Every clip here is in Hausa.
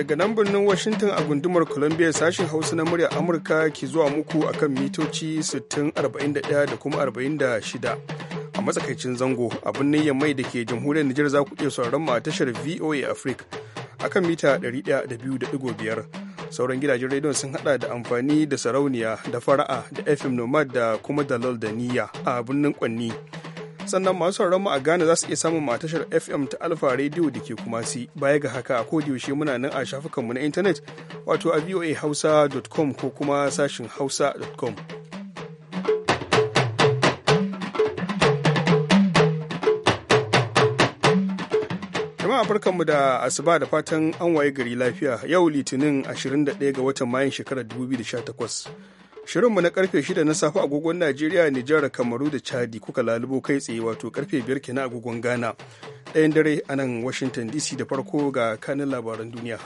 daga nan birnin Washington a gundumar Columbia sashen Hausa na muryar Amurka ke zuwa muku akan mitoci 6041 da kuma 46. A matsakaicin zango a birnin Yammai da ke jamhuriyar Nijar za ku iya sauraron mu a tashar VOA Africa akan mita 102.5. Sauran gidajen rediyon sun hada da amfani da sarauniya da fara'a da FM Nomad da kuma Dalal da Niyya a birnin Kwanni. sannan masu sauraron mu a Ghana za su iya samun matashar FM ta Alfa Radio da ke kuma si baya ga haka a yaushe muna nan a shafukanmu na intanet wato a voahausa.com ko kuma sashin hausa.com. jama'a mu da asuba da fatan an waye gari lafiya yau litinin 21 ga watan mayun shekarar 2018 Shirinmu na karfe 6 na safe agogon Najeriya, Nijar, Kamaru da Chadi kuka lalubo kai tsaye wato karfe 5 kenan agogon Ghana. Ɗayan dare a nan Washington DC da farko ga kanin labaran duniya.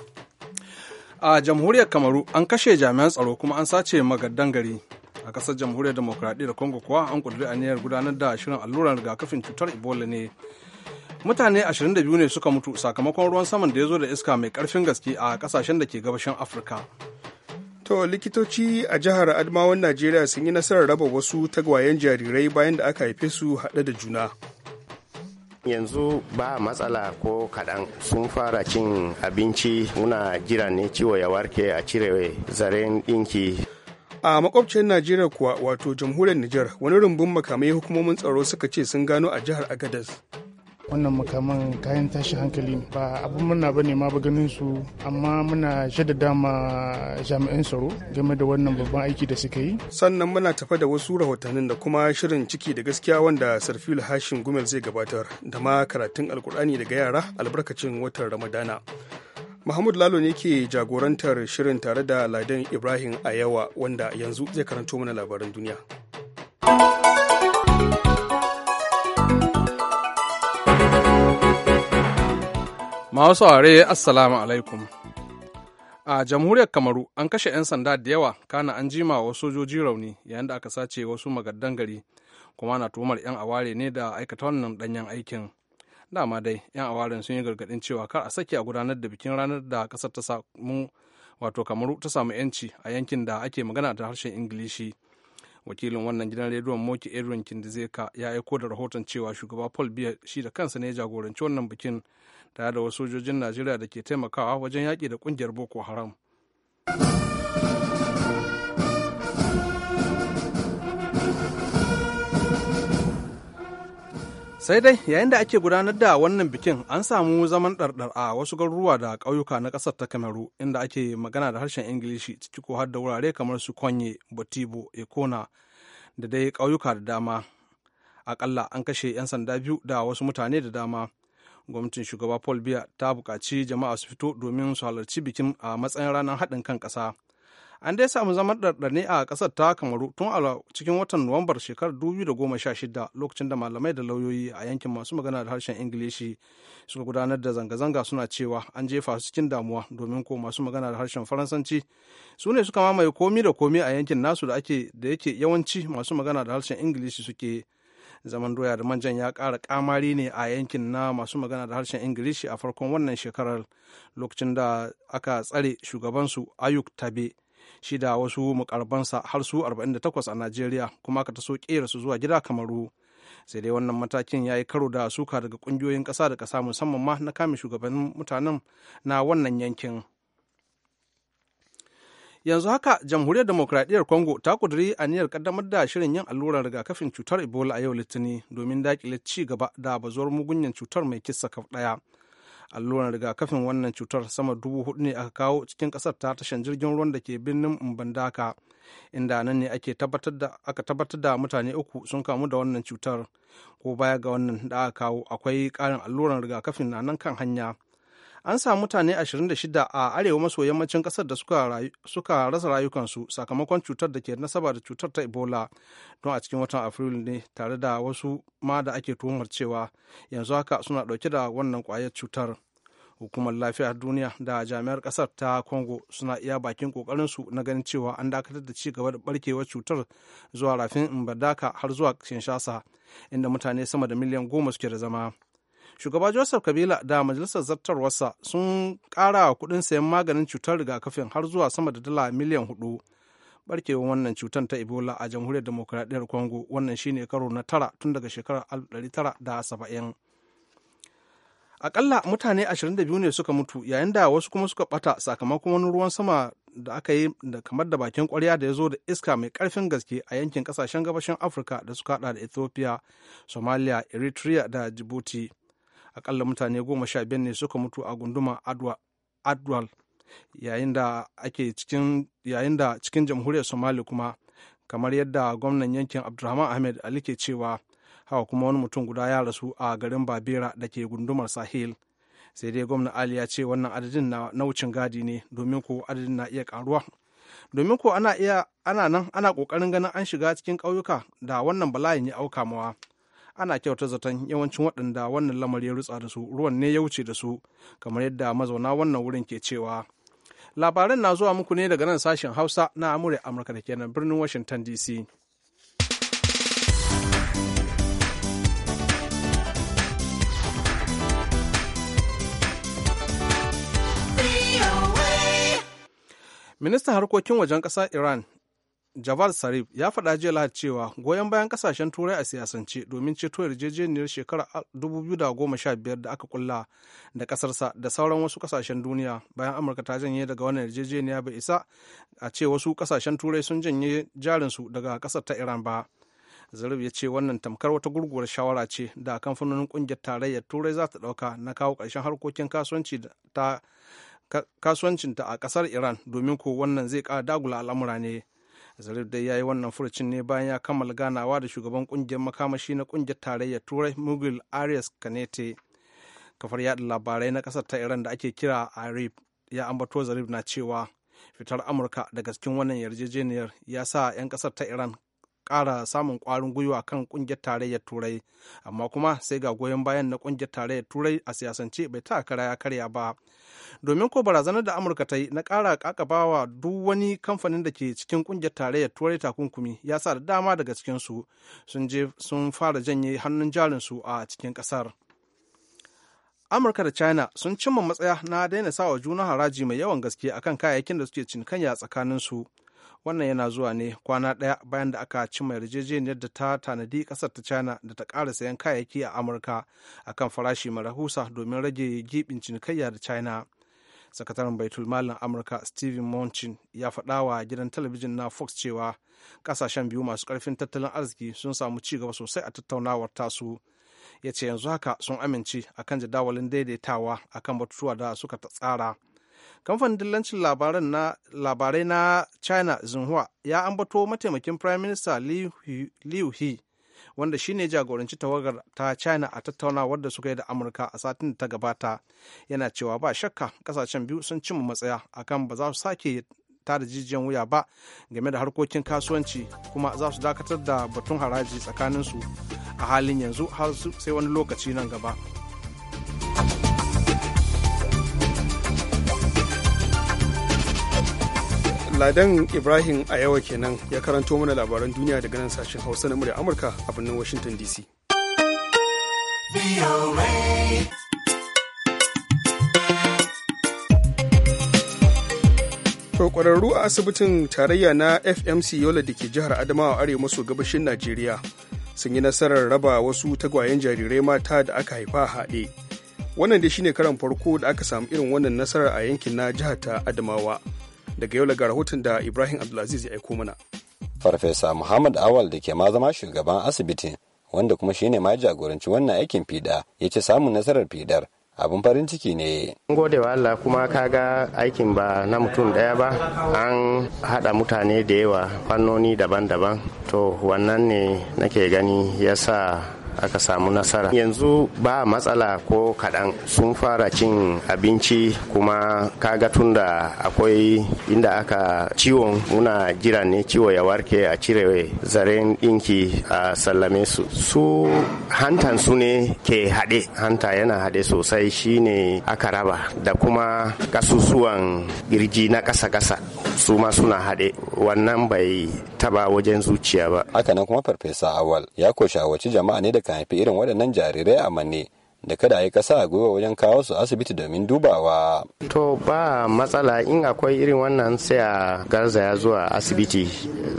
A jamhuriyar Kamaru an kashe jami'an tsaro kuma an sace magaddan gari. A kasar jamhuriyar demokuraɗiyyar Congo kuwa an ƙudiri aniyar gudanar da shirin alluran rigakafin cutar Ebola ne. mutane 22 ne suka mutu sakamakon ruwan saman da ya zo da iska mai karfin gaske a kasashen da ke gabashin afirka To likitoci a jihar Adamawan Najeriya sun yi nasarar raba wasu tagwayen jarirai bayan da aka haife su haɗe da juna. yanzu ba matsala ko kaɗan sun fara cin abinci muna jira ne ciwo ya warke a cire zaren ɗinki a makwabcin najeriya kuwa wato jamhuriyar nijar wani rumbun makamai hukumomin tsaro suka ce sun gano a jihar agadas wannan makaman kayan tashi hankali ne ba abin muna ba ne ma ba ganin su amma muna shaddada ma jami'an tsaro game da wannan babban aiki da suka yi sannan muna tafa da wasu rahotannin da kuma shirin ciki da gaskiya wanda sarfil hashin gumel zai gabatar da ma karatun alkur'ani daga yara albarkacin watan ramadana Mahmud Lalo ne ke jagorantar shirin tare da Ladan Ibrahim Ayawa wanda yanzu zai karanto mana labaran duniya. Masu saurare Assalamu alaikum. A jamhuriyar Kamaru an kashe 'yan sanda da yawa kana an jima wa sojoji rauni yayin da aka sace wasu magaddan gari kuma na tumar 'yan aware ne da aikata wannan danyen aikin. Dama dai 'yan awaren sun yi gargadin cewa kar a sake a gudanar da bikin ranar da kasar ta samu wato Kamaru ta samu 'yanci a yankin da ake magana da harshen Ingilishi. wakilin wannan gidan rediyon moki edwin kindizeka ya aiko da rahoton cewa shugaba paul biya shi da kansa ne ya jagoranci wannan bikin tare da wasu sojojin najeriya da ke taimakawa wajen yaƙi da ƙungiyar boko haram sai dai yayin da ake gudanar da wannan bikin an samu zaman ɗarɗar a wasu garuruwa da ƙauyuka na ƙasar ta kamaru inda ake magana da harshen ingilishi ciki ko har da wurare kamar su konye botibo ekona da dai ƙauyuka da dama aƙalla an kashe 'yan sanda biyu da wasu mutane da dama gwamnatin shugaba paul biya ta bukaci jama'a su fito domin su halarci bikin a matsayin ranar haɗin kan ƙasa an dai samu zaman ɗarɗarne a ƙasar ta kamaru tun a cikin watan nuwambar shekarar 2016 lokacin da malamai da lauyoyi a yankin masu magana da harshen ingilishi suka gudanar da zanga-zanga suna cewa an jefa su cikin damuwa domin ko masu magana da harshen faransanci su ne suka mamaye komi da komi a yankin nasu da ake da yake yawanci masu magana da harshen ingilishi suke zaman doya da manjan ya kara kamari ne a yankin na masu magana da harshen ingilishi a farkon wannan shekarar lokacin da aka tsare shugabansu ayuk tabe shi da wasu mukarbansa har su 48 a najeriya kuma aka taso ƙera su zuwa gida kamaru sai dai wannan matakin ya yi karo da suka daga ƙungiyoyin ƙasa da ƙasa musamman ma na kame shugabannin mutanen na wannan yankin yanzu haka jamhuriyar demokradiyyar congo ta kuduri aniyar kaddamar da shirin yin allurar rigakafin cutar ebola a yau litinin domin dakile ci gaba da bazuwar mugunyan cutar mai kisa kaf daya allurar rigakafin wannan cutar sama dubu hudu ne aka kawo cikin kasar ta tashan jirgin ruwan da ke birnin mbandaka inda nan ne ake tabbatar da aka tabbatar da mutane uku sun kamu da wannan cutar ko baya ga wannan da aka kawo akwai karin alluran rigakafin na nan kan hanya an samu mutane 26 a arewa maso yammacin kasar da suka rasa rayukansu sakamakon cutar da ke nasaba da cutar ta ebola don a cikin watan afrilu ne tare da wasu ma da ake tuhumar cewa yanzu haka suna dauke da wannan kwayar cutar hukumar lafiya duniya da jami'ar kasar ta congo suna iya bakin kokarin su na ganin cewa an dakatar da ci gaba da barkewar cutar zuwa rafin mbadaka har zuwa kinshasa inda mutane sama da miliyan goma suke da zama shugaba joseph kabila da majalisar zartarwarsa sun kara wa kudin sayan maganin cutar rigakafin har zuwa sama da dala miliyan hudu barkewa wannan cutar ta ebola a jamhuriyar demokuraɗiyyar congo wannan shine karo na tara tun daga shekarar 1970 akalla mutane 22 ne suka mutu yayin da wasu kuma suka bata sakamakon wani ruwan sama da aka yi da kamar da bakin kwarya da ya zo da iska mai karfin gaske a yankin kasashen gabashin afirka da suka hada da ethiopia somalia eritrea da djibouti akalla mutane goma sha biyar ne suka mutu a gunduma adwal yayin da cikin jamhuriyar somali kuma kamar yadda gwamnan yankin abdulrahman ahmed ali ke cewa hawa kuma wani mutum guda ya rasu a garin babera da ke gundumar sahil sai dai gwamnan ali ya ce wannan adadin na wucin gadi ne domin ko adadin na iya karuwa domin ko ana nan ana kokarin ganin an shiga cikin ƙauyuka da wannan bala'in ya auka mawa ana kyauta zaton yawancin waɗanda wannan lamari ya rutsa da su ruwan ne ya wuce da su kamar yadda mazauna wannan wurin ke cewa labaran na zuwa muku ne daga nan sashen hausa na amurya amurka da kenan birnin washington dc ministan harkokin wajen ƙasar iran javad sarif ya faɗa jiya lahad cewa goyon bayan kasashen turai a siyasance domin ceto yarjejeniyar shekarar 2015 da aka kulla da ƙasarsa da sauran wasu kasashen duniya bayan amurka ta janye daga wannan yarjejeniya bai isa a ce wasu kasashen turai sun janye jarinsu daga ƙasar ta iran ba zarif ya ce wannan tamkar wata gurguwar shawara ce da kamfanonin ƙungiyar tarayyar turai za ta ɗauka na kawo karshen harkokin kasuwanci ta kasuwancinta a ƙasar iran domin ko wannan zai ƙara dagula al'amura ne zarif dai ya yi wannan furucin ne bayan ya kammala ganawa da shugaban kungiyar makamashi na kungiyar tarayyar turai mughal arias kanete kafar yada labarai na kasar ta iran da ake kira arif ya ambato zarif na cewa fitar amurka daga cikin wannan yarjejeniyar ya sa 'yan kasar ta iran kara samun kwarin gwiwa kan ƙungiyar tarayyar turai amma kuma sai ga goyon bayan na kungiyar tarayyar turai a siyasance bai ta kara ya karya ba domin ko barazanar da amurka ta yi na ƙara kakabawa duk wani kamfanin da ke cikin ƙungiyar tarayyar turai takunkumi ya sa da dama daga cikinsu sun je sun fara janye hannun jarin su a cikin ƙasar amurka da china sun cimma matsaya na daina sawa juna haraji mai yawan gaske akan kayayyakin da suke cinikayya tsakanin su wannan yana zuwa ne kwana ɗaya bayan da aka cimma yarjejeniyar da ta tanadi ƙasar ta china da ta kara sayan kayayyaki a amurka akan farashi marahusa husa domin rage gibin cinikayya da china sakataren baitul malin amurka steven munchin ya faɗa wa gidan talabijin na fox cewa ƙasashen biyu masu ƙarfin tattalin arziki sun samu ci gaba sosai a tattaunawar tasu ya ce yanzu haka sun amince akan jadawalin daidaitawa akan batutuwa da suka tsara kamfanin dillancin labarai na china xinhua ya ambato mataimakin prime minister liu he wanda shine jagoranci tawagar ta china a tattaunawar da suka yi da amurka a satin da ta gabata yana cewa ba shakka kasashen biyu sun cimma matsaya akan ba za su sake tada jijiyan wuya ba game da harkokin kasuwanci kuma za su dakatar da batun haraji tsakaninsu a halin yanzu har sai wani lokaci nan gaba. Ladan Ibrahim a yawa kenan ya karanto mana labaran duniya daga nan sashen Hausa na murya Amurka a birnin Washington DC. To kwararru a asibitin tarayya na FMC Yola da ke jihar Adamawa Arewa maso gabashin Najeriya sun yi nasarar raba wasu tagwayen jarirai mata da aka haifa haɗe. Wannan da shine karan farko da aka samu irin wannan nasarar a yankin na jihar ta Adamawa. daga yau daga rahoton da ibrahim abdulaziz ya aiko mana farfesa muhammad awal da ke ma zama shugaban asibitin wanda kuma shine ma jagoranci wannan aikin fiɗa ya ce samun nasarar fiɗar abin farin ciki ne. gode wa Allah kuma ga aikin ba na mutum daya ba an hada mutane da yawa fannoni daban-daban to wannan ne nake gani ya sa. aka samu nasara yanzu ba matsala ko kaɗan sun fara cin abinci kuma kaga tunda akwai inda aka ciwon muna jira ne ciwo ya warke a cire zaren ɗinki a sallame su su hantan su ne ke haɗe hanta yana haɗe sosai shine aka raba da kuma kasusuwan girji na ƙasa-ƙasa su ma suna haɗe wannan bai taba wajen zuciya ba haka nan kuma farfesa awal ya ko shawarci jama'a ne da kan haifi irin waɗannan jarirai a manne da kada yi kasa a gwiwa wajen kawo su asibiti domin dubawa. To ba matsala in akwai irin wannan sai a garzaya zuwa asibiti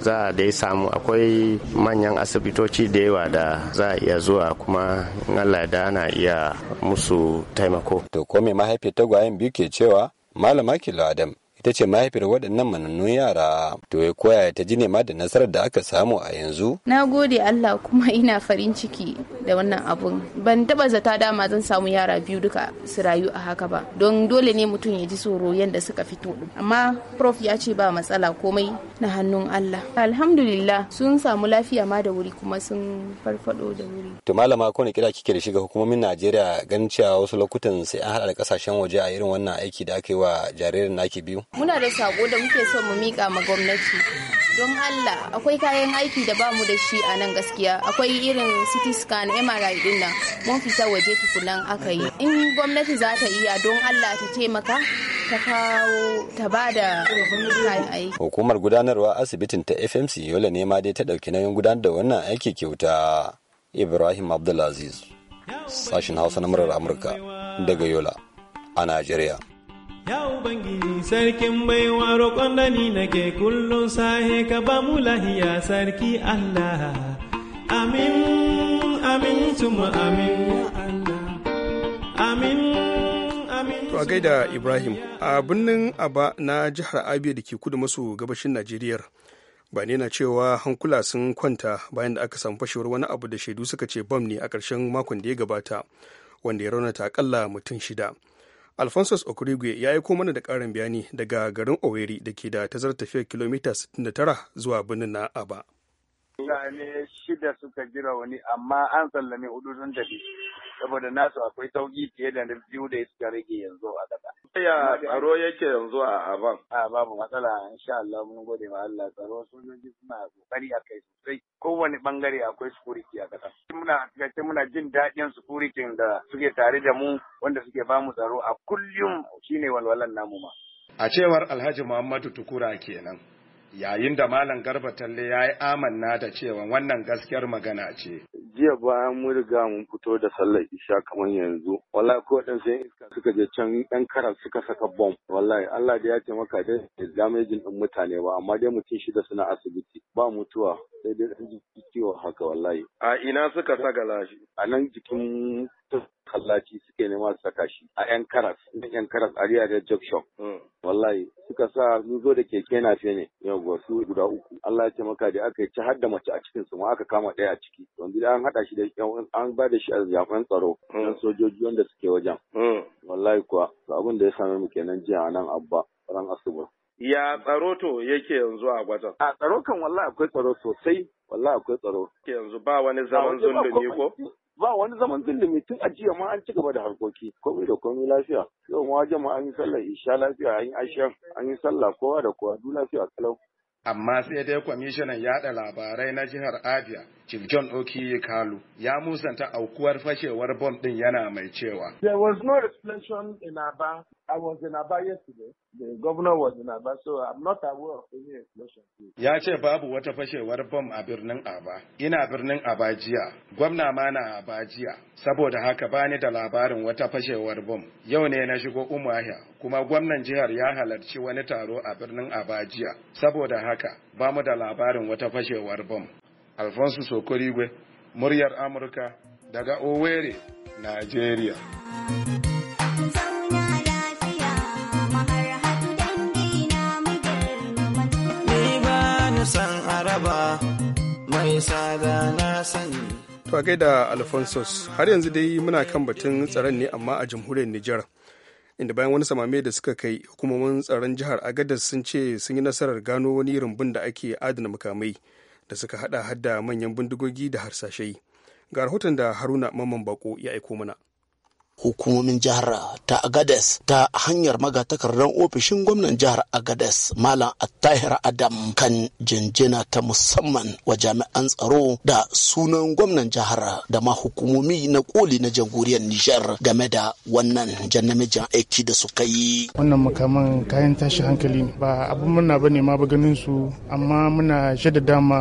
za a dai samu akwai manyan asibitoci da yawa da za a iya zuwa kuma Allah da ana iya musu taimako. To ko mai mahaifiyar tagwayen biyu ke cewa Malama Kilo Adam ita ce mahaifiyar waɗannan manannun yara to ya koya ta ji nema da nasarar da aka samu a yanzu na gode Allah kuma ina farin ciki da wannan abun ban taba zata dama zan samu yara biyu duka su rayu a haka ba don dole ne mutum ya ji tsoro yadda suka fito amma prof ya ce ba matsala komai na hannun Allah alhamdulillah sun samu lafiya ma da wuri kuma sun farfaɗo da wuri to malama ko ne kira kike da shiga hukumomin Najeriya ganin cewa wasu lokutan sai an haɗa da kasashen waje a irin wannan aiki da aka yi wa jaririn naki biyu muna da sako da muke so mu mika ma gwamnati don Allah akwai kayan aiki da bamu da shi a nan gaskiya akwai irin city scan MRI din nan mun fita waje tukunan aka yi in gwamnati za ta iya don Allah ta taimaka ta kawo ta ba da kayan aiki hukumar gudanarwa asibitin ta FMC yola ne ma dai ta dauki nauyin gudanar da wannan aiki kyauta Ibrahim Abdulaziz sashin Hausa na murar Amurka daga Yola a Najeriya Ya Ubangiji sarkin baiwa roƙon da nake kullum sahe ka ba mu lahiya sarki Allah. Amin, amin, tuma amin, Amin, amin. To a gaida Ibrahim, a birnin Aba na jihar Abia da ke kudu maso gabashin Najeriya. ba ne na cewa hankula sun kwanta bayan da aka samu fashewar wani abu da shaidu suka ce bam ne a ƙarshen makon da ya gabata wanda ya raunata akalla mutum shida alphonsus okurigwe ya aiko mana da ƙarin bayani daga garin oweri da ke da tazar tafiyar kilomita 69 zuwa birnin na aba mutane shida suka jira wani amma an sallame hudu sun tafi saboda nasu akwai sauki fiye da na biyu da suka rage yanzu a ƙasa. Ya tsaro yake yanzu a Aban? A babu matsala insha Allah mun gode ma Allah tsaro sojoji suna kokari a kai sosai kowane bangare akwai security a ƙasa. Muna muna jin daɗin security da suke tare da mu wanda suke ba mu tsaro a kullum shine walwalan namu ma. A cewar Alhaji Muhammadu Tukura kenan. Yayin da Malam Garba Talle ya yi amanna da cewa wannan gaskiyar magana ce, jiya bayan mun riga mun fito da sallar isha kamar yanzu wallahi ko dan sai iska suka je can yan karar suka saka bom wallahi Allah da ya taimaka dai da damejin din mutane ba amma dai mutum shida suna asibiti ba mutuwa sai dai dan ciwo haka wallahi a ina suka saka lashi a nan jikin kallaci suke nema su saka shi a yan karas na yan karas a riyar da jog shop mm. wallahi suka sa mun zo da keke na fe ne yawwa su guda uku Allah ya ce maka da aka ci har da mace a cikin su ma aka kama ɗaya a ciki yanzu da an haɗa shi da an ba da shi a zafin tsaro yan mm. sojoji wanda suke wajen mm. wallahi kuwa abin da ya same mu kenan jiya a nan abba ran asuba ya tsaro to yake yanzu a gwatan? A tsaro kan wallahi akwai tsaro sosai, wallahi akwai tsaro. Ke yanzu ba wani zaman zundumi ko? ba wani zaman dindimi tun a jiya ma an ci gaba da harkoki komai da komai lafiya yau ma wajen an yi sallah isha lafiya an yi ashiyan an yi sallah kowa da kowa du lafiya kalau amma sai dai kwamishinan yada labarai na jihar abia chief john okiye kalu ya musanta aukuwar fashewar bom din yana mai cewa there was no explanation in aba I was in Aba yesterday. The governor was in Aba, so I'm not aware of any explosion. Ya ce babu wata fashewar bom a birnin Aba. Ina birnin Aba jiya. Gwamna ma na Aba jiya. Saboda haka bani da labarin wata fashewar bom. Yau ne na shigo Umuahia kuma gwamnan jihar ya halarci wani taro a birnin Aba jiya. Saboda haka ba mu da labarin wata fashewar bom. Alfonso Sokorigwe, muryar Amurka daga Owerri, Nigeria. san araba mai sada na sani. To gaida Alphonsus har yanzu dai muna kan batun tsaron ne amma a jamhuriyar Nijar. Inda bayan wani samame da suka kai hukumomin tsaron jihar Agadez sun ce sun yi nasarar gano wani rumbun da ake adana makamai da suka hada hadda manyan bindigogi da harsashai. Ga rahoton da Haruna Mamman Bako ya aiko mana. hukumomin jihar ta agades ta hanyar magatakardar ofishin gwamnan jihar agades malam attahir adam kan jinjina ta musamman wa jami'an tsaro da sunan gwamnan jihar da ma hukumomi na koli na jamhuriyar nijar game da wannan jannamijin aiki da suka yi wannan makaman kayan tashi hankali ne ba abin murna ba ne ma ba ganin su amma muna da ma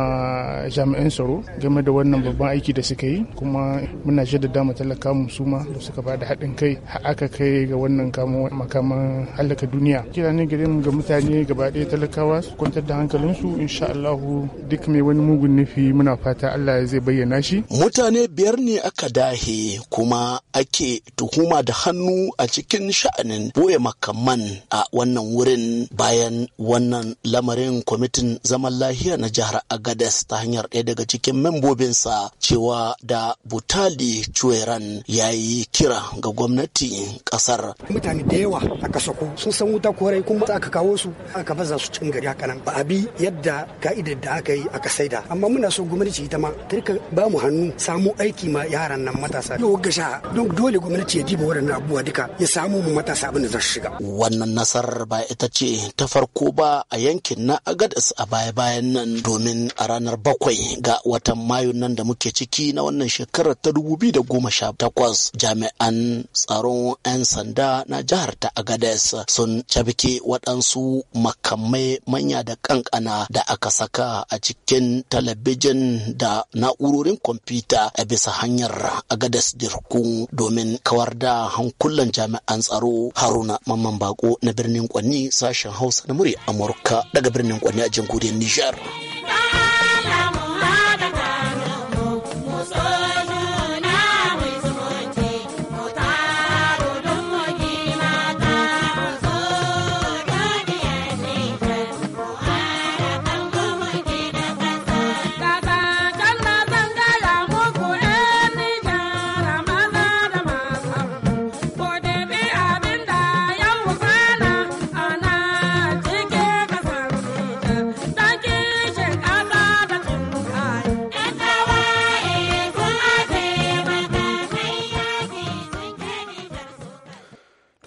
jami'an tsaro game da wannan babban aiki da suka yi kuma muna shaddada ma talaka mu su ma da suka bada da haɗin kai aka kai ga wannan kamo makaman halaka duniya kira ne gare mu ga mutane gaba ɗaya talakawa su kwantar da hankalinsu insha Allahu duk mai wani mugun nufi muna fata Allah zai bayyana shi mutane biyar ne aka dahe kuma ake tuhuma da hannu a cikin sha'anin boye makaman a wannan wurin bayan wannan lamarin kwamitin zaman lahiya na jihar Agadez ta hanyar ɗaya daga cikin membobinsa cewa da Butali Cueran ya yi kira ga gwamnati kasar. Mutane da yawa a Kasako sun san wuta korai kuma aka kawo su aka baza su cikin gari haka nan ba a bi yadda ka'idar da aka yi aka saida amma muna so gwamnati ita ma ta rika ba mu hannu samu aiki ma yaran nan matasa. Yau gasha don dole gwamnati ya diba waɗannan abubuwa duka ya samu mu matasa abin da za shiga. Wannan nasarar ba ita ce ta farko ba a yankin na Agadis a baya-bayan nan domin a ranar bakwai ga watan Mayu nan da muke ciki na wannan shekarar ta dubu biyu da goma sha takwas jami'an jami'an tsaron 'yan sanda na jihar ta Agades sun cabike waɗansu makamai manya da kankana da aka saka a cikin talabijin da na'urorin kwamfuta a bisa hanyar Agades Dirku domin kawar da hankulan jami'an tsaro Haruna Mamman Bako na birnin Kwanni sashen Hausa na murya Amurka daga birnin Kwanni a jamhuriyar Nijar.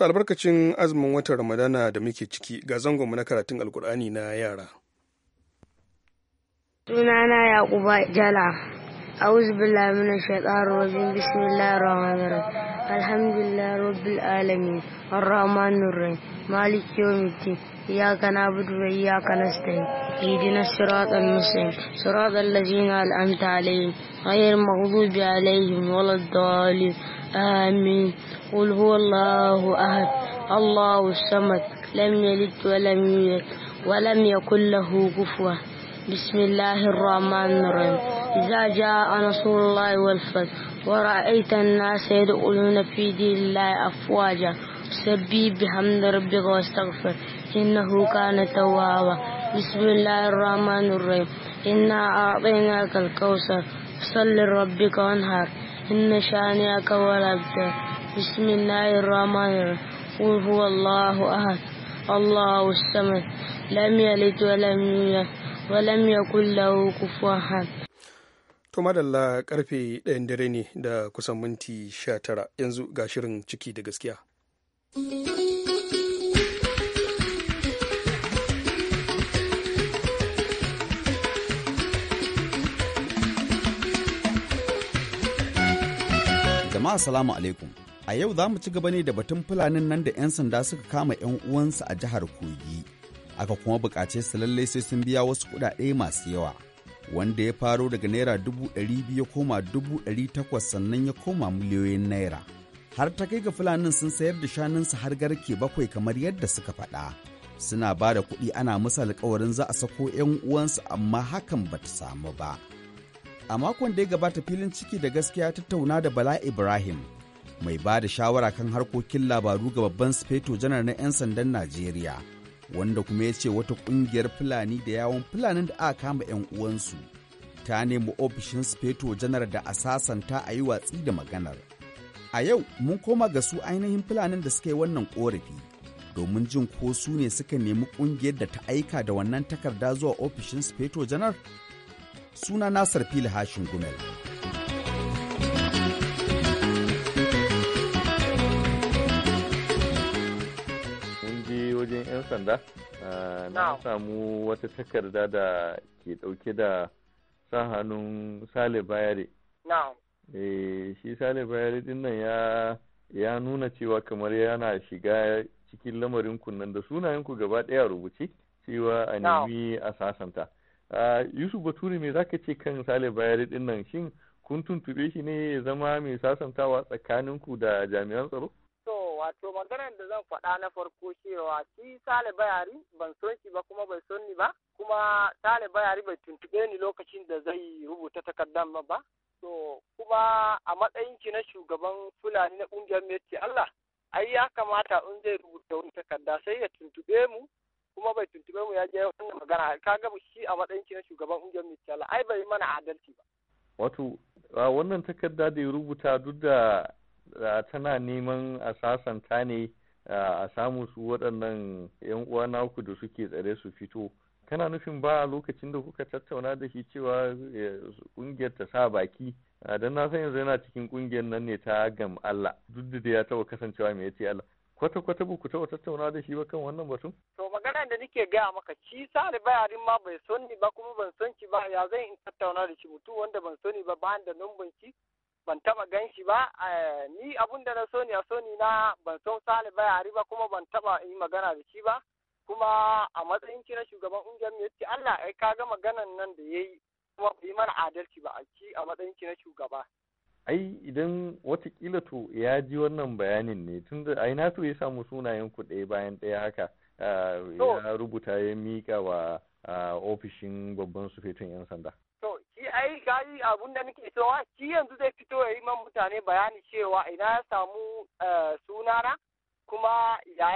albarkacin azumin watan ramadana da muke ciki ga zangonmu na karatun alkur'ani na yara sunana yaquba jala a'udhu billahi minash shaitanir rajim bismillahir rahmanir rahim alhamdulillahi rabbil alamin arrahmanir rahim malik yawmiddin iyyaka na'budu wa iyyaka nasta'in ihdina siratal آمين قل هو الله أحد الله الصمد لم يلد ولم يولد ولم يكن له كفوا بسم الله الرحمن الرحيم إذا جاء نصر الله والفتح ورأيت الناس يدخلون في دين الله أفواجا سبي بحمد ربك واستغفر إنه كان توابا بسم الله الرحمن الرحيم إنا أعطيناك الكوثر صل لربك وانهار إن شانئك هو بسم الله الرحمن الرحيم قل هو الله أحد الله الصمد لم يلد ولم يولد ولم يكن له كفوا أحد To madalla karfe ɗayan dare ne da kusan minti 19 yanzu ga shirin ciki da gaskiya. Jama'a salamu alaikum. A yau za mu ci gaba ne da batun fulanin nan da 'yan sanda suka kama 'yan uwansu a jihar Kogi. Aka kuma buƙace su lallai sai sun biya wasu kuɗaɗe masu yawa. Wanda ya faro daga naira dubu ɗari biyu koma dubu ɗari takwas sannan ya koma miliyoyin naira. Har ta kai ga fulanin sun sayar da shanunsu har garke bakwai kamar yadda suka faɗa. Suna ba da kuɗi ana musu alƙawarin za a sako 'yan uwansu amma hakan bata samu ba. a makon da ya gabata filin ciki da gaskiya tattauna da bala ibrahim mai ba da shawara kan harkokin labaru ga babban sufeto janar na 'yan sandan najeriya wanda kuma ya ce wata kungiyar fulani da yawon fulanin da aka kama 'yan uwansu ta nemi ofishin sufeto janar da a sasanta a yi watsi da maganar a yau mun koma ga su ainihin fulanin da suka yi wannan korafi domin jin ko su ne suka nemi kungiyar da ta aika da wannan takarda zuwa ofishin sufeto janar suna Nasar Fili Hashin Gumel. Mun je wajen 'yan sanda, ah, na samu wata takarda da ke dauke da sa hannun Sale Bayare. Eh, shi Sale Bayare din nan ya nuna cewa kamar yana shiga cikin lamarin kunnan da sunayenku gaba ɗaya rubuce cewa a nemi a sasanta. Yusuf Bature me zaka ce kan Sale Bayari din nan shin kun tuntube shi ne ya zama mai sasantawa tsakaninku da jami'an tsaro? To wato maganar da zan faɗa na farko cewa shi Sale Bayari ban son shi ba kuma bai son ni ba kuma Sale Bayari bai tuntube ni lokacin da zai rubuta takardar ba. To kuma a matsayin ki na shugaban Fulani na ƙungiyar Meti Allah ai ya kamata in zai rubuta wani takarda sai ya tuntube mu kuma bai tuntube mu ya je wannan magana kaga shi a matsayin shi na shugaban ungiyar Mitsala ai bai mana adalci ba wato wannan takarda da ya rubuta duk da tana neman a sasanta ne a samu su waɗannan yan uwa naku da suke tsare su fito kana nufin ba a lokacin da kuka tattauna da shi cewa e, ƙungiyar ta sa baki don na san yanzu yana cikin ƙungiyar nan ne ta gam Allah duk da ya taɓa kasancewa mai ya ce Allah kwata-kwata ba ku taɓa tattauna da shi ba kan wannan batun? To maganar da nake gaya maka ci sani bayarin ma bai son ni ba kuma ban son shi ba ya zan in tattauna da shi mutu wanda ban soni ba bayan da numban shi ban taba gan shi ba eh, ni abun da na soni a soni na ban son sani bayari ba kuma ban taba yi magana da shi ba kuma a matsayin kira shugaban ungiyar mu yace Allah ai ka ga maganan nan da yayi kuma bai mana adalci ba a ci a matsayin ki na shugaba ai idan watakila to ya ji wannan bayanin ne tunda ai nasu ya samu sunayen ku ɗaya bayan ɗaya haka ya rubuta ya mika wa ofishin babban sufetin 'yan sanda. To, shi ai gari abun da nake cewa shi yanzu zai fito ya yi man mutane bayani cewa ina ya samu sunana kuma ya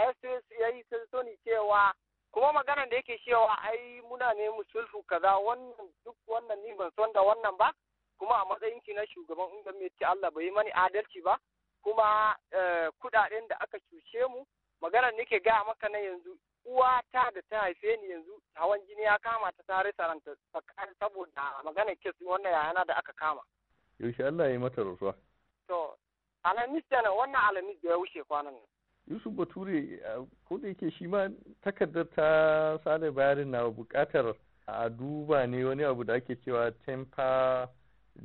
ya yi sani cewa kuma maganar da yake cewa ai muna ne sulhu kaza wannan duk wannan ni ban son da wannan ba kuma a matsayin ki na shugaban ci Allah bai mani adalci ba kuma kudaden da aka cuce mu magana nake ga maka na yanzu ta da ta haife ni yanzu hawan jini ya kama ta tare saranta saboda maganar kes wannan yayana da aka kama yaushe Allah ya yi mata rasuwa to alamis da nan wannan alamis da ya wuce kwanan nan Yusuf Bature eh, ko da yake shi ma takardar ta sada bayarin na bukatar a duba ne wani abu da ake cewa tempa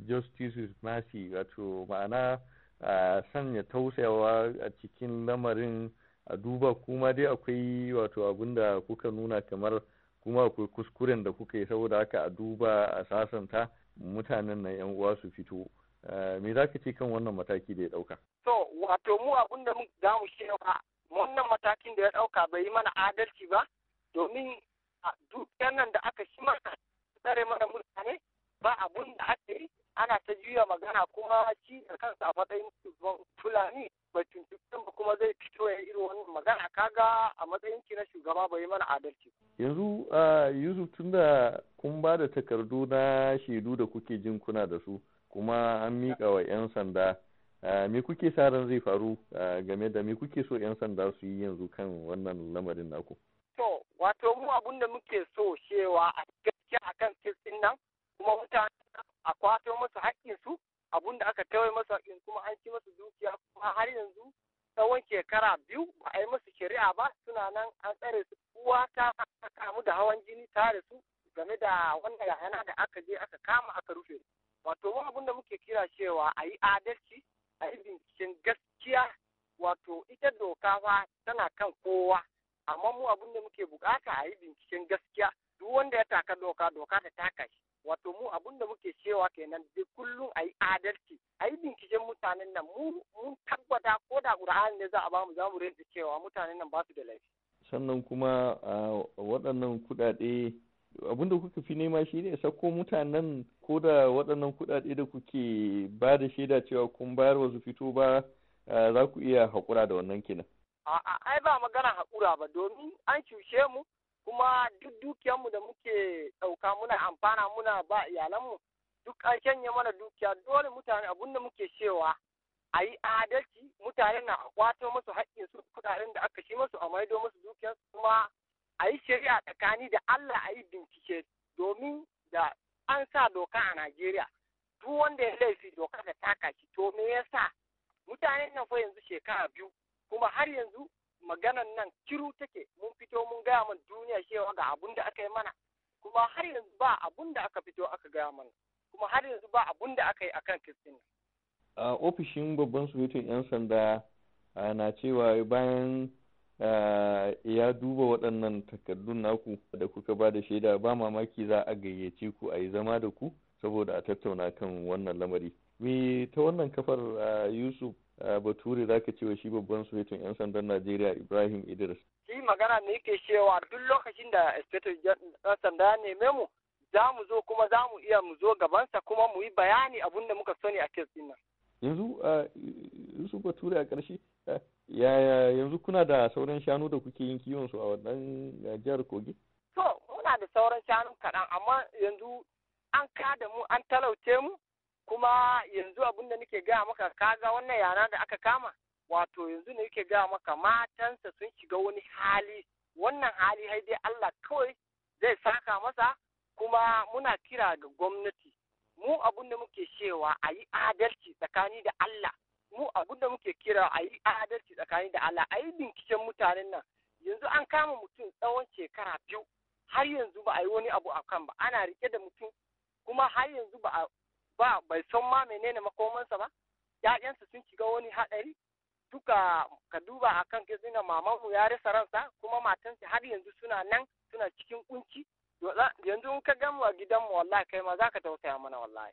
justice is mercy wato ma'ana eh, sanya tausayawa a cikin lamarin a duba kuma dai akwai wato abin da kuka nuna kamar kuma akwai kuskuren da kuka yi saboda haka a duba a sasanta mutanen na yan uwa su fito eh, me za ka ce kan wannan mataki da ya dauka. so wato mu abin da za mu cewa wannan matakin da ya dauka bai yi mana adalci ba domin duk nan da aka shi mana tsare mana mutane ba abun da aka yi ana ta juya magana kuma ci da kansa a matsayin fulani ba tuntuɓe ba kuma zai fito ya irin wannan magana kaga a matsayin ki na shugaba bai mana adalci. yanzu yusuf tunda kun ba da takardu na shaidu da kuke jin kuna da su kuma an miƙa wa 'yan sanda me kuke sa ran zai faru game da me kuke so 'yan sanda su yi yanzu kan wannan lamarin naku. to wato mu abun da muke so cewa a gaskiya akan kirtin nan kuma mutane a kwato masu haƙƙinsu abun da aka tawaye masu haƙƙin kuma an ci masu dukiya kuma har yanzu tsawon shekara biyu ba a yi masu shari'a ba suna nan an tsare su uwa ta kamu da hawan jini tare su game da wannan yana da aka je aka kama aka rufe wato mu abun da muke kira cewa a yi adalci a yi binciken gaskiya wato ita doka fa tana kan kowa amma mu abun da muke bukata a yi binciken gaskiya duk wanda ya taka doka doka ta taka shi wato mu abun da muke cewa kenan duk kullum a yi adalci a yi binciken mutanen nan mun tabbata ko da ƙur'ani ne za a bamu za mu rinta cewa mutanen nan ba su da laifi sannan kuma waɗannan kuɗaɗe abinda kuka fi nema shi ne sako mutanen ko da waɗannan kuɗaɗe da kuke ba da shaida cewa kun bayar wasu fito ba za ku iya haƙura da wannan kenan. A'a, ai ba magana haƙura ba domin an cuce mu kuma duk dukiyarmu da muke ɗauka muna amfana muna ba iyalanmu duk an shanye mana dukiya dole mutane abun da muke cewa a yi adalci mutane na kwato musu haƙƙinsu kuɗaɗen da aka shi musu a maido musu dukiyarsu kuma a yi shari'a tsakani da Allah a yi bincike domin da an sa doka a Najeriya duk wanda ya laifi doka da taka shi to me yasa mutane nan fa yanzu shekara biyu kuma har yanzu maganan nan kiru take mun fito mun gaya mana duniya cewa ga abun da aka yi mana kuma har yanzu ba abun da aka fito aka gaya mana kuma har yanzu ba abun da aka yi akan kristin a ofishin babban sojojin yan sanda na cewa bayan ya duba waɗannan takardun naku da kuka ba da shaida ba mamaki za a gayyace ku a yi zama da ku saboda a tattauna kan wannan lamari me ta wannan kafar yusuf Eh, bature za ka cewa shi babban sufetun 'yan sandan najeriya ibrahim idris shi magana ne yake cewa duk lokacin da sufetun 'yan sanda ya neme mu za mu zo kuma za mu iya mu zo gabansa kuma mu yi bayani abun da muka sani a kes din nan yanzu eh, yusuf bature a ƙarshe eh, yaya yanzu kuna da sauran shanu da kuke yin kiwon su a wannan jihar kogi to muna da sauran shanu kaɗan amma yanzu an kada mu an talauce mu kuma yanzu abin da nake gaya maka kaga wannan yara da aka kama wato yanzu ne yake gaya maka matansa sun shiga wani hali wannan hali hai Allah kawai zai saka masa kuma muna kira ga gwamnati mu abin da muke cewa a yi adalci tsakani da Allah mu abin da muke kira a yi adalci tsakani da Allah a yi binciken mutanen nan yanzu an kama mutum tsawon shekara biyu har yanzu ba a yi wani abu a kan ba ana rike da mutum kuma har yanzu ba a ba bai san ma menene makomansa ba ƴaƴansa sun shiga wani haɗari duka ka duba akan gizina mamanmu ya rasa ransa kuma matansa har yanzu suna nan suna cikin kunci yanzu in ka gamu a gidanmu wallahi kai ma zaka tausaya mana wallahi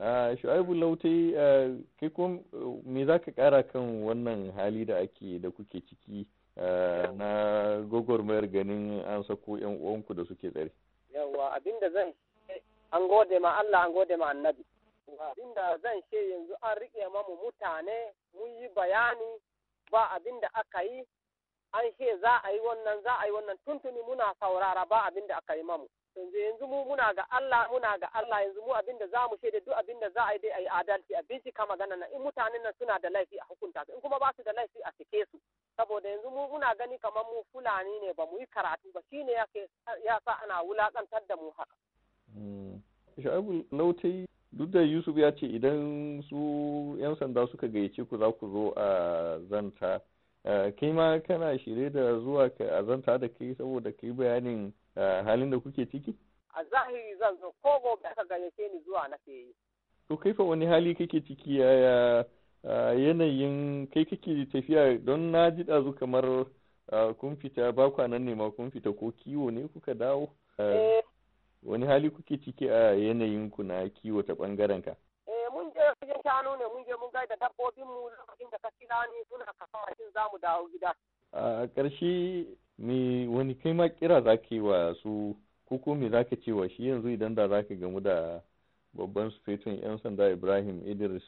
ah, shu'aibu lautai ah, kai kuma me zaka kara kan wannan hali da ake da kuke ciki ah, na gogormayar ganin an sako yan uwanku da suke tsare yawa abinda zan an gode ma Allah an gode ma annabi abinda zan ce yanzu an riƙe mamu mutane mun yi bayani ba abinda aka yi an ce za a yi wannan za a yi wannan tuntuni muna saurara ba abinda aka yi mamu yanzu yanzu mu muna ga Allah muna ga Allah yanzu mu abinda za mu shaida duk abinda za a yi dai a yi adalci a bincika magana na, in mutane nan suna da laifi a hukunta su in kuma ba su da laifi a sike su saboda yanzu mu muna gani kamar mu fulani ne ba mu yi karatu ba shine ya sa ana wulakantar da mu haka Shu'aibu Nautai duk da Yusuf ya ce idan su 'yan sanda suka gayyace ku za ku zo a zanta. Eh, kai ma kana shirye da zuwa a zanta da kai saboda ka yi bayanin eh, halin da kuke ciki? A zahiri zan zo ko gobe aka gayyace ni zuwa na ke yi. To kai fa wani hali kake ciki yaya yanayin kai kake tafiya don na ji ɗazu kamar eh, kun fita ba kwanan ne ma kun fita ko kiwo ne kuka dawo? wani hali kuke ciki a yanayin ku na kiwo ta bangaren ka eh mun je wajen shanu ne mun je mun da dabbobin mu lokacin da kashi ne suna kasawa shin zamu dawo gida a ƙarshe me wani kai ma kira zaka yi wa su ko me za ce wa shi yanzu idan da zaka gamu da babban sufetun 'yan sanda ibrahim idris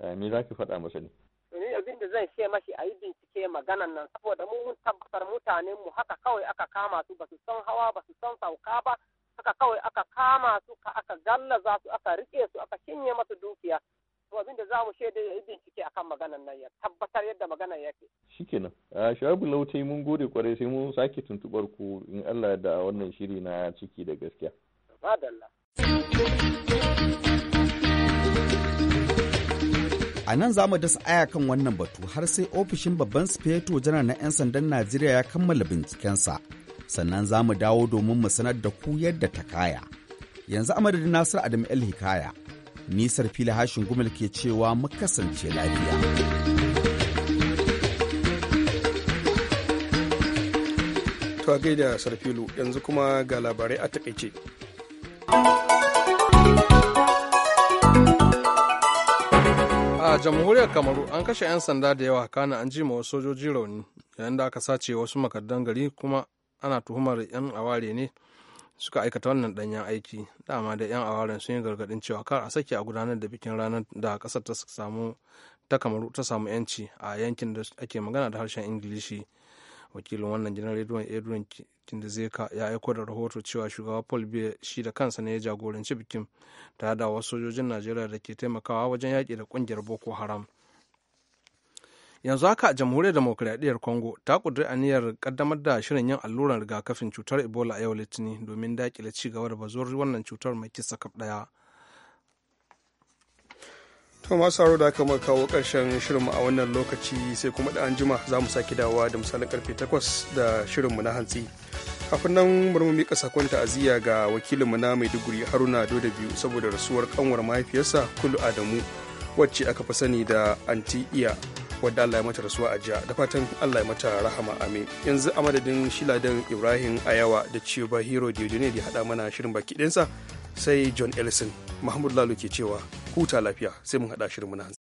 eh, me zaka faɗa masa ne ni abin da zan ce mashi a yi bincike maganan nan saboda mun tabbatar mutanen mu haka kawai aka kama su ba su san hawa ba su san sauka ba haka kawai aka kama su aka gallaza su aka rike su aka cinye masu dukiya to abinda za mu shaida ya bincike akan maganar nan ya tabbatar yadda maganar yake shikenan shawabu lautai mun gode kwarai sai mun sake tuntubar ku in Allah da wannan shiri na ciki da gaskiya A nan za mu dasa aya kan wannan batu har sai ofishin babban sufeto janar na 'yan sandan Najeriya ya kammala bincikensa sannan za mu dawo domin mu sanar da ku yadda ta kaya. Yanzu a madadin Nasir Adam El Hikaya, nisar fili hashin gumul ke cewa mu kasance lafiya. To gaida Sarfilu yanzu kuma ga labarai a takaice. a jamhuriyar kamaru an kashe 'yan sanda da yawa kana an ma wasu sojoji rauni yayin da aka sace wasu makardan gari kuma ana tuhumar 'yan aware ne suka aikata wannan danyen aiki dama da 'yan aware sun yi gargadin cewa kar a sake a gudanar da bikin ranar da kasar ta samu ta kamaru ta samu yanci a yankin da ake magana da harshen ingilishi wakilin wannan gidan rediyon edwin kindizeka ya aiko da rahoto cewa shugaba paul biya shi da kansa ne ya jagoranci bikin tare da wasu sojojin najeriya da ke taimakawa wajen yaƙi da ƙungiyar boko haram yanzu haka jamhuriyar demokuraɗiyyar congo ta ƙudiri aniyar ƙaddamar da shirin yin alluran rigakafin cutar ebola a yau litinin domin dakile ci gaba da bazuwar wannan cutar mai kisa kaf ɗaya to masu haro da aka muka kawo ƙarshen shirinmu a wannan lokaci sai kuma da anjima za mu sake dawowa da misalin karfe 8 da shirin mu na hantsi kafin nan bari mu miƙa sakon ta'aziyya ga wakilin mu na maiduguri haruna doda biyu saboda rasuwar kanwar mahaifiyarsa kulu adamu wacce aka fi sani da anti iya wadda Allah ya mata rasuwa a jiya da fatan Allah ya mata rahama amin yanzu a madadin shiladan Ibrahim Ayawa da Ciba Hero Diodone da haɗa mana shirin baki ɗinsa sai John Ellison Mahmud Lalo ke cewa huta lafiya sai mun haɗa shirin muna